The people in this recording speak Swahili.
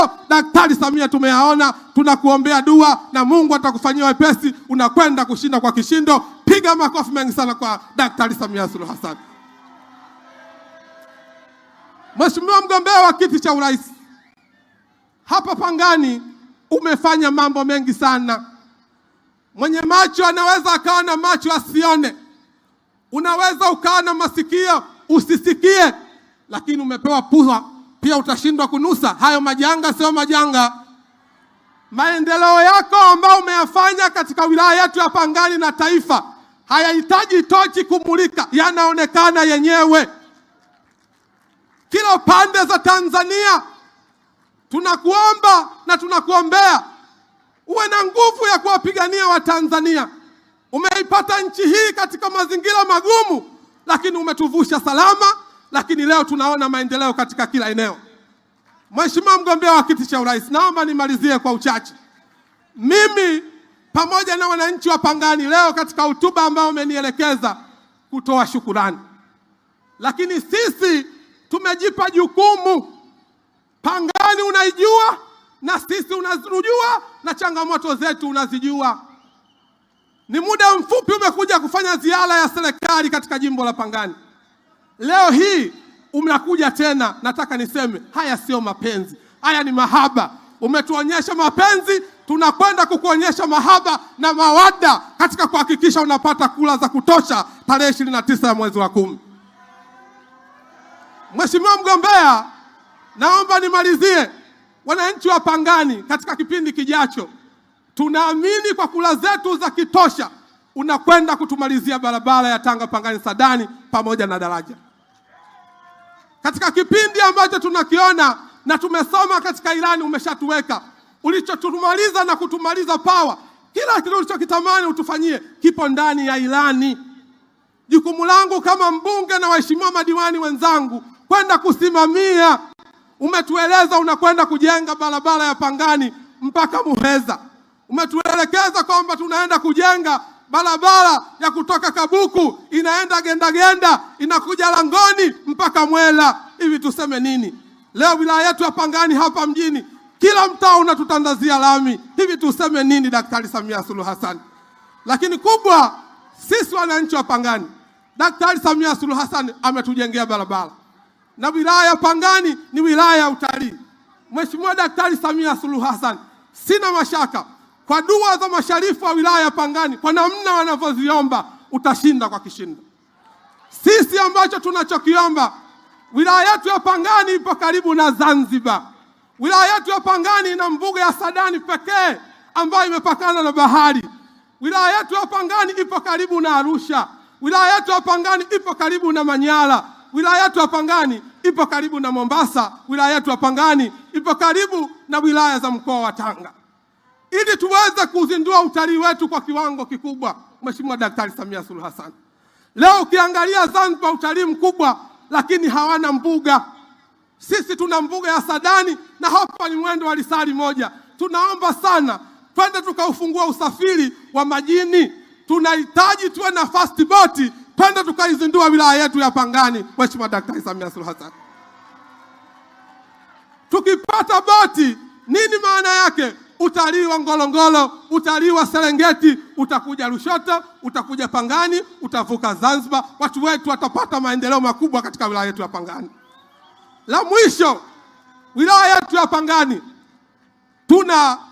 leo Daktari Samia tumeyaona, tunakuombea dua na Mungu atakufanyia wepesi, unakwenda kushinda kwa kishindo. Piga makofi mengi sana kwa Daktari Samia Suluhu Hassan. Mheshimiwa mgombea wa kiti cha urais hapa Pangani, umefanya mambo mengi sana. Mwenye macho anaweza akawa na macho asione, unaweza ukawa na masikio usisikie, lakini umepewa pua pia utashindwa kunusa hayo majanga. Sio majanga, maendeleo yako ambayo umeyafanya katika wilaya yetu ya Pangani na taifa hayahitaji tochi kumulika, yanaonekana yenyewe. Kila pande za Tanzania tunakuomba na tunakuombea uwe na nguvu ya kuwapigania Watanzania. Umeipata nchi hii katika mazingira magumu, lakini umetuvusha salama lakini leo tunaona maendeleo katika kila eneo. Mheshimiwa mgombea wa kiti cha urais, naomba nimalizie kwa uchache. Mimi pamoja na wananchi wa Pangani leo katika hotuba ambayo umenielekeza kutoa shukurani, lakini sisi tumejipa jukumu. Pangani unaijua na sisi unazijua na changamoto zetu unazijua. Ni muda mfupi umekuja kufanya ziara ya serikali katika jimbo la Pangani. Leo hii unakuja tena, nataka niseme haya sio mapenzi, haya ni mahaba. Umetuonyesha mapenzi, tunakwenda kukuonyesha mahaba na mawada katika kuhakikisha unapata kula za kutosha tarehe ishirini na tisa ya mwezi wa kumi. Mheshimiwa mgombea, naomba nimalizie. Wananchi wa Pangani, katika kipindi kijacho, tunaamini kwa kula zetu za kitosha unakwenda kutumalizia barabara ya Tanga Pangani Sadani pamoja na daraja katika kipindi ambacho tunakiona na tumesoma katika ilani, umeshatuweka ulichotumaliza na kutumaliza pawa. Kila kitu ulichokitamani utufanyie kipo ndani ya ilani. Jukumu langu kama mbunge na waheshimiwa madiwani wenzangu kwenda kusimamia. Umetueleza unakwenda kujenga barabara ya Pangani mpaka Muheza, umetuelekeza kwamba tunaenda kujenga barabara ya kutoka Kabuku inaenda Gendagenda, inakuja langoni mpaka Mwela. Hivi tuseme nini? Leo wilaya yetu ya Pangani hapa mjini, kila mtaa unatutandazia lami. Hivi tuseme nini, Daktari Samia Suluhu Hassan? Lakini kubwa, sisi wananchi wa Pangani, Daktari Samia Suluhu Hassan ametujengea barabara, na wilaya ya Pangani ni wilaya ya utalii. Mheshimiwa Daktari Samia Suluhu Hassan, sina mashaka kwa dua za masharifu wa wilaya ya Pangani, kwa namna wanavyoziomba utashinda kwa kishindo. Sisi ambacho tunachokiomba, wilaya yetu ya Pangani ipo karibu na Zanzibar. Wilaya yetu ya Pangani ina mbuga ya Sadani pekee ambayo imepakana na bahari. Wilaya yetu ya Pangani ipo karibu na Arusha. Wilaya yetu ya Pangani ipo karibu na Manyara. Wilaya yetu ya Pangani ipo karibu na Mombasa. Wilaya yetu ya Pangani ipo karibu na wilaya za mkoa wa Tanga ili tuweze kuzindua utalii wetu kwa kiwango kikubwa. Mheshimiwa Daktari Samia Suluhu Hassan, leo ukiangalia Zanzibar utalii mkubwa, lakini hawana mbuga. Sisi tuna mbuga ya Sadani na hapa ni mwendo wa lisali moja. Tunaomba sana twende tukaufungua usafiri wa majini, tunahitaji tuwe na fast boat, twende tukaizindua wilaya yetu ya Pangani. Mheshimiwa Daktari Samia Suluhu Hassan, tukipata boti nini maana yake? utalii wa Ngorongoro, utalii wa Serengeti, utakuja Lushoto, utakuja Pangani, utavuka Zanzibar. Watu wetu watapata maendeleo makubwa katika wilaya yetu ya Pangani. La mwisho, wilaya yetu ya Pangani tuna